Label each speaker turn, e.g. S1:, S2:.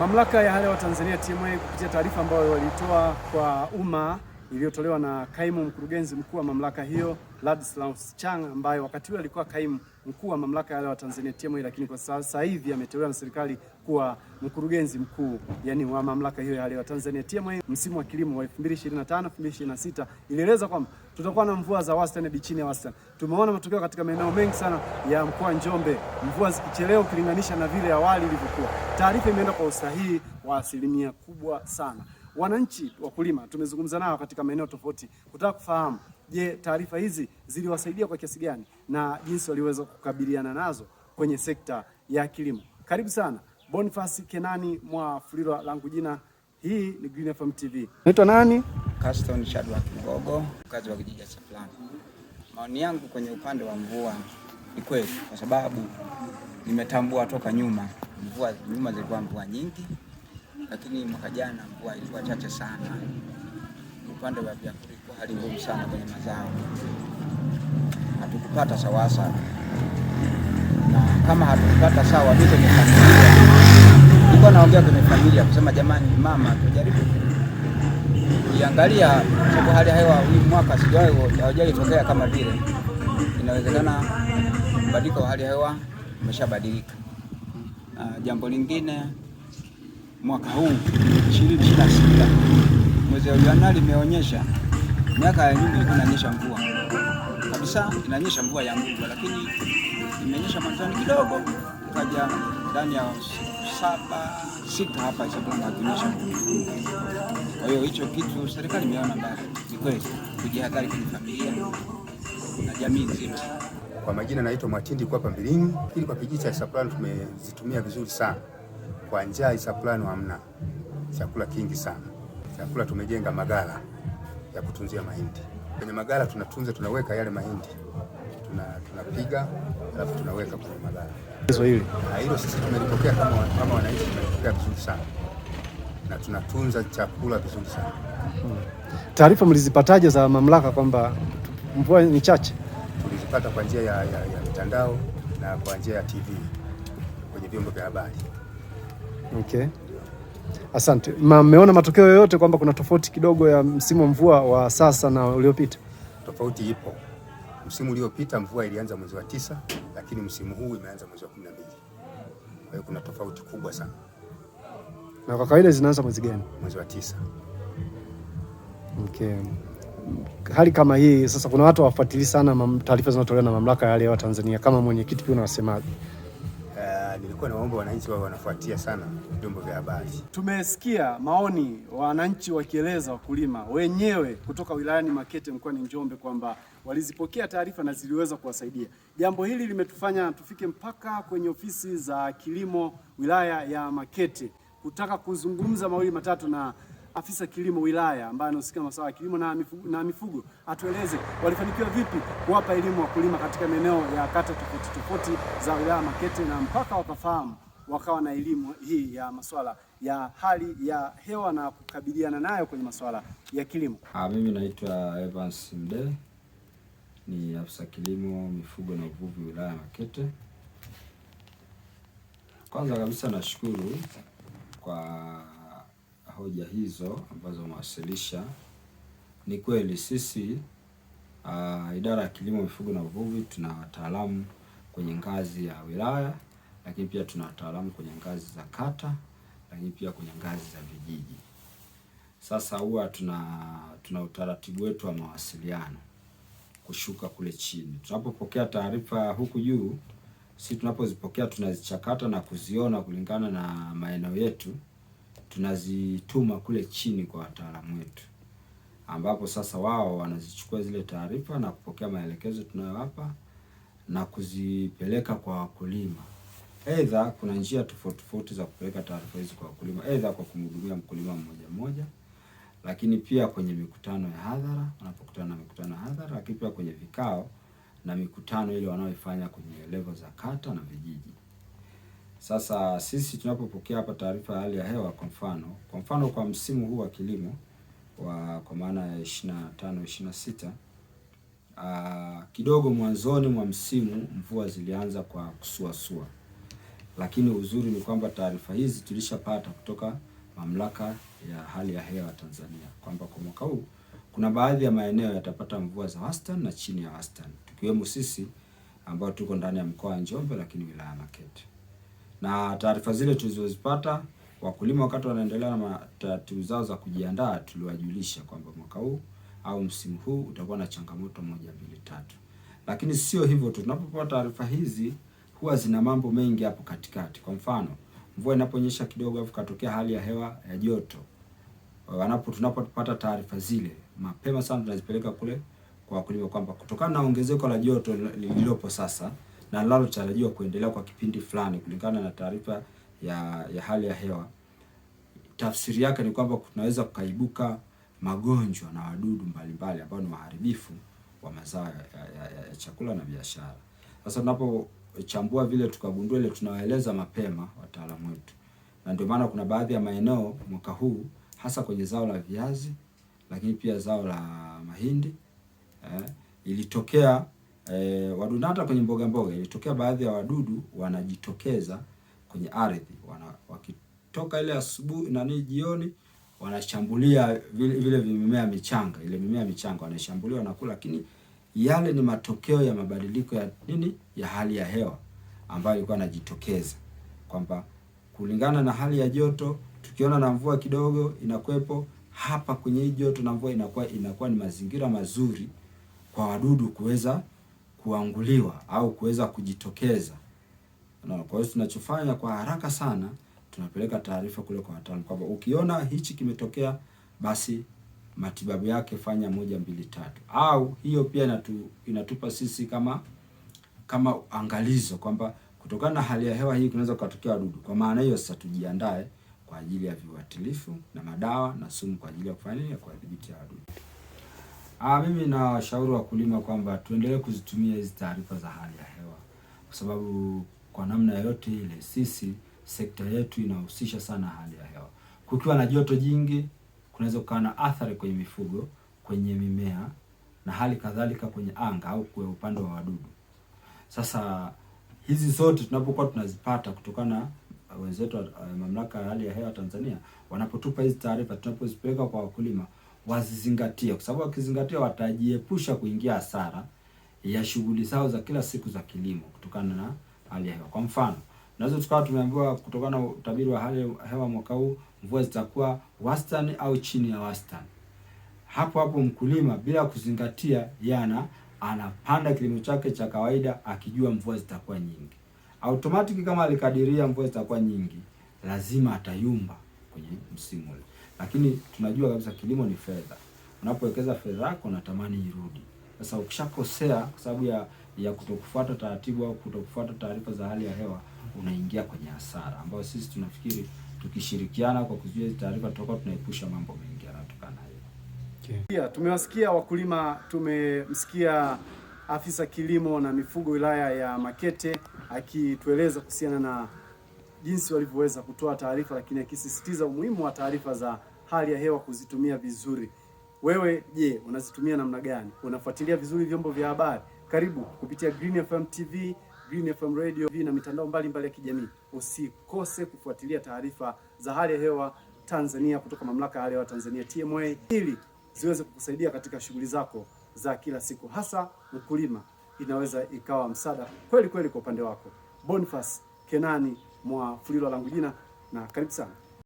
S1: Mamlaka ya Hali ya tanzania TMA kupitia taarifa ambayo walitoa kwa umma iliyotolewa na kaimu mkurugenzi mkuu wa mamlaka hiyo Ladislaus Chang ambaye wakati huo alikuwa kaimu mkuu wa mamlaka ya wa Tanzania TMA, lakini kwa sasa hivi ameteuliwa na serikali kuwa mkurugenzi mkuu yani wa mamlaka hiyo ya wa Tanzania TMA. Msimu wa kilimo wa 2025 2026 ilieleza kwamba tutakuwa na mvua za wastani hadi chini ya wastani. Tumeona matokeo katika maeneo mengi sana ya mkoa Njombe, mvua zikichelewa ukilinganisha na vile awali ilivyokuwa. Taarifa imeenda kwa usahihi wa asilimia kubwa sana. Wananchi wakulima tumezungumza nao katika maeneo tofauti kutaka kufahamu Je, taarifa hizi ziliwasaidia kwa kiasi gani na jinsi waliweza kukabiliana nazo kwenye sekta ya kilimo? Karibu sana. Boniface Kenani mwa Fulilo, langu jina. Hii ni Green FM TV. Naitwa nani?
S2: Kaston Shadwa Kingogo, mkazi wa kijiji cha Plano. Maoni yangu kwenye upande wa mvua ni kweli, kwa sababu nimetambua toka nyuma mvua nyuma zilikuwa mvua nyingi, lakini mwaka jana mvua ilikuwa chache sana upande wa vyakula hali ngumu sana kwenye mazao, hatukupata sawasawa, na kama hatukupata sawa, mimi kwenye familia nilikuwa naongea kwenye familia kusema, jamani, mama, tujaribu kuiangalia sababu hali ya hewa hii mwaka sijawahi tokea kama vile, inawezekana mbadiliko wa hali ya hewa umeshabadilika. Na jambo lingine mwaka huu 2026 mwezi wa Januari imeonyesha miaka ya nyuma ilikuwa inanyesha mvua kabisa, inanyesha mvua ya nguvu, lakini imenyesha mwanzoni kidogo, kaja ndani ya saba sita hapa sababu hakunyesha Kwa hiyo hicho kitu serikali imeona mbali, ni kweli kujihadhari kwenye familia na jamii nzima.
S1: Kwa majina naitwa Mwatindi Kwapa Pambilini. Ili kwa kijiji cha Isaplano tumezitumia vizuri sana, kwa njaa Isaplano hamna chakula kingi sana, chakula tumejenga magala ya kutunzia mahindi. Kwenye magala tunatunza, tunaweka yale mahindi tunapiga tuna alafu tunaweka kwenye magala. Hilo sisi tumelipokea kama, kama wananchi tumelipokea vizuri sana na tunatunza chakula vizuri sana hmm. Taarifa mlizipataje za mamlaka kwamba mvua ni chache? Tulizipata kwa njia ya, ya, ya mitandao na kwa njia ya TV kwenye vyombo vya habari. Okay. Asante. Mmeona matokeo yoyote kwamba kuna tofauti kidogo ya msimu wa mvua wa sasa na uliopita? Tofauti ipo. Msimu uliopita mvua ilianza mwezi wa tisa, lakini msimu huu imeanza mwezi wa kumi na mbili. Kwa hiyo kuna tofauti kubwa sana. Na kwa kawaida zinaanza mwezi gani? Mwezi wa tisa. Okay. Hali kama hii sasa, kuna watu hawafuatilii sana taarifa zinazotolewa na mamlaka ya hali ya hewa Tanzania. Kama mwenyekiti, pia unawasemaje? kwa naomba wananchi wao wanafuatia sana vyombo vya habari. Tumesikia maoni wananchi wakieleza, wakulima wenyewe kutoka wilayani Makete mkoani Njombe kwamba walizipokea taarifa na ziliweza kuwasaidia. Jambo hili limetufanya tufike mpaka kwenye ofisi za kilimo wilaya ya Makete kutaka kuzungumza mawili matatu na afisa kilimo wilaya ambaye anahusika masuala ya kilimo na mifugo, na mifugo atueleze walifanikiwa vipi kuwapa elimu wakulima katika maeneo ya kata tofauti tofauti za wilaya Makete na mpaka wakafahamu wakawa na elimu hii ya masuala ya hali ya hewa na kukabiliana nayo kwenye masuala ya kilimo.
S3: Ah, mimi naitwa Evans Mdee ni afisa kilimo mifugo na uvuvi wilaya Makete. Kwanza kabisa nashukuru kwa hoja hizo ambazo umewasilisha. Ni kweli sisi uh, idara ya kilimo, mifugo na uvuvi tuna wataalamu kwenye ngazi ya wilaya, lakini pia tuna wataalamu kwenye ngazi za kata, lakini pia kwenye ngazi za vijiji. Sasa huwa tuna tuna utaratibu wetu wa mawasiliano kushuka kule chini. Tunapopokea taarifa huku juu, sisi tunapozipokea tunazichakata na kuziona kulingana na maeneo yetu tunazituma kule chini kwa wataalamu wetu, ambapo sasa wao wanazichukua zile taarifa na kupokea maelekezo tunayowapa na kuzipeleka kwa wakulima. Aidha, kuna njia tofauti tofauti za kupeleka taarifa hizi kwa wakulima, aidha kwa kumhudumia mkulima mmoja mmoja, lakini pia kwenye mikutano ya hadhara, wanapokutana na mikutano ya hadhara, lakini pia kwenye vikao na mikutano ile wanaoifanya kwenye levo za kata na vijiji. Sasa sisi tunapopokea hapa taarifa ya hali ya hewa, kwa mfano kwa mfano kwa msimu huu wa kilimo wa kwa maana ya 25 26 ah, kidogo mwanzoni mwa msimu mvua zilianza kwa kusuasua, lakini uzuri ni kwamba taarifa hizi tulishapata kutoka mamlaka ya hali ya hewa Tanzania kwamba kwa mwaka huu kuna baadhi ya maeneo yatapata mvua za wastani na chini ya wastani, tukiwemo sisi ambao tuko ndani ya mkoa wa Njombe, lakini wilaya ya Makete na taarifa zile tulizozipata wakulima wakati wanaendelea na taratibu zao za kujiandaa, tuliwajulisha kwamba mwaka huu au msimu huu utakuwa na changamoto moja mbili tatu. Lakini sio hivyo tu, tunapopata taarifa hizi huwa zina mambo mengi hapo katikati. Kwa mfano, mvua inaponyesha kidogo afu katokea hali ya hewa ya joto, wanapo tunapopata taarifa zile mapema sana tunazipeleka kule kwa wakulima kwamba kutokana na ongezeko la joto lililopo sasa na linalotarajiwa kuendelea kwa kipindi fulani kulingana na taarifa ya, ya hali ya hewa. Tafsiri yake ni kwamba kunaweza kukaibuka magonjwa na wadudu mbalimbali ambao ni waharibifu wa mazao ya, ya, ya chakula na biashara. Sasa tunapochambua vile tukagundua ile, tunawaeleza mapema wataalamu wetu, na ndio maana kuna baadhi ya maeneo mwaka huu hasa kwenye zao la viazi, lakini pia zao la mahindi eh, ilitokea e, wadudu hata kwenye mboga mboga ilitokea baadhi ya wadudu wanajitokeza kwenye ardhi wana, wakitoka ile asubuhi na nini jioni wanashambulia vile, vile mimea michanga ile mimea michanga wanashambulia wanakula, lakini yale ni matokeo ya mabadiliko ya nini ya hali ya hewa ambayo ilikuwa inajitokeza kwamba kulingana na hali ya joto, tukiona na mvua kidogo inakuwepo hapa kwenye hii joto na mvua inakuwa inakuwa ni mazingira mazuri kwa wadudu kuweza kuanguliwa au kuweza kujitokeza. Na kwa hiyo tunachofanya kwa haraka sana tunapeleka taarifa kule kwa wataalamu kwamba ukiona hichi kimetokea, basi matibabu yake fanya moja mbili tatu. Au hiyo pia inatu, inatupa sisi kama kama angalizo kwamba kutokana na hali ya hewa hii kunaweza kutokea wadudu. Kwa maana hiyo sasa tujiandae kwa ajili ya viuatilifu na madawa na sumu kwa ajili ya kufanya ya wadudu. Ah, mimi na washauri wakulima kwamba tuendelee kuzitumia hizi taarifa za hali ya hewa, kwa sababu kwa namna yoyote ile sisi sekta yetu inahusisha sana hali ya hewa. Kukiwa na joto jingi kunaweza kukawa na athari kwenye mifugo, kwenye mimea na hali kadhalika kwenye anga au kwa upande wa wadudu. Sasa hizi zote tunapokuwa tunazipata kutokana na wenzetu eh, mamlaka ya hali ya hewa Tanzania wanapotupa hizi taarifa, tunapozipeleka kwa wakulima wazizingatie, kwa sababu wakizingatia watajiepusha kuingia hasara ya shughuli zao za kila siku za kilimo kutokana na hali ya hewa. Kwa mfano, naweza tukawa tumeambiwa kutokana na utabiri wa hali ya hewa mwaka huu mvua zitakuwa wastani au chini ya wastani. Hapo hapo mkulima bila kuzingatia yana anapanda kilimo chake cha kawaida akijua mvua zitakuwa nyingi. Automatic kama alikadiria mvua zitakuwa nyingi, lazima atayumba kwenye msimu ule lakini tunajua kabisa kilimo ni fedha. Unapowekeza fedha yako unatamani irudi. Sasa ukishakosea kwa sababu ya ya kutokufuata taratibu au kutokufuata taarifa za hali ya hewa, unaingia kwenye hasara ambayo sisi tunafikiri tukishirikiana kwa kuzuia hizo taarifa tutakuwa tunaepusha mambo mengi yanayotokana hiyo.
S1: Okay. Pia tumewasikia wakulima, tumemsikia afisa kilimo na mifugo wilaya ya Makete akitueleza kuhusiana na jinsi walivyoweza kutoa taarifa, lakini akisisitiza umuhimu wa taarifa za hali ya hewa kuzitumia vizuri. Wewe je, unazitumia namna gani? Unafuatilia vizuri vyombo vya habari? Karibu kupitia Green FM TV, Green FM Radio na mitandao mbalimbali ya kijamii. Usikose kufuatilia taarifa za hali ya hewa Tanzania kutoka Mamlaka ya Hali ya Hewa Tanzania TMA, ili ziweze kukusaidia katika shughuli zako za kila siku, hasa mkulima. Inaweza ikawa msaada kweli kweli kwa upande wako. Boniface Kenani mwa Fulilo langu Langujina, na karibu sana.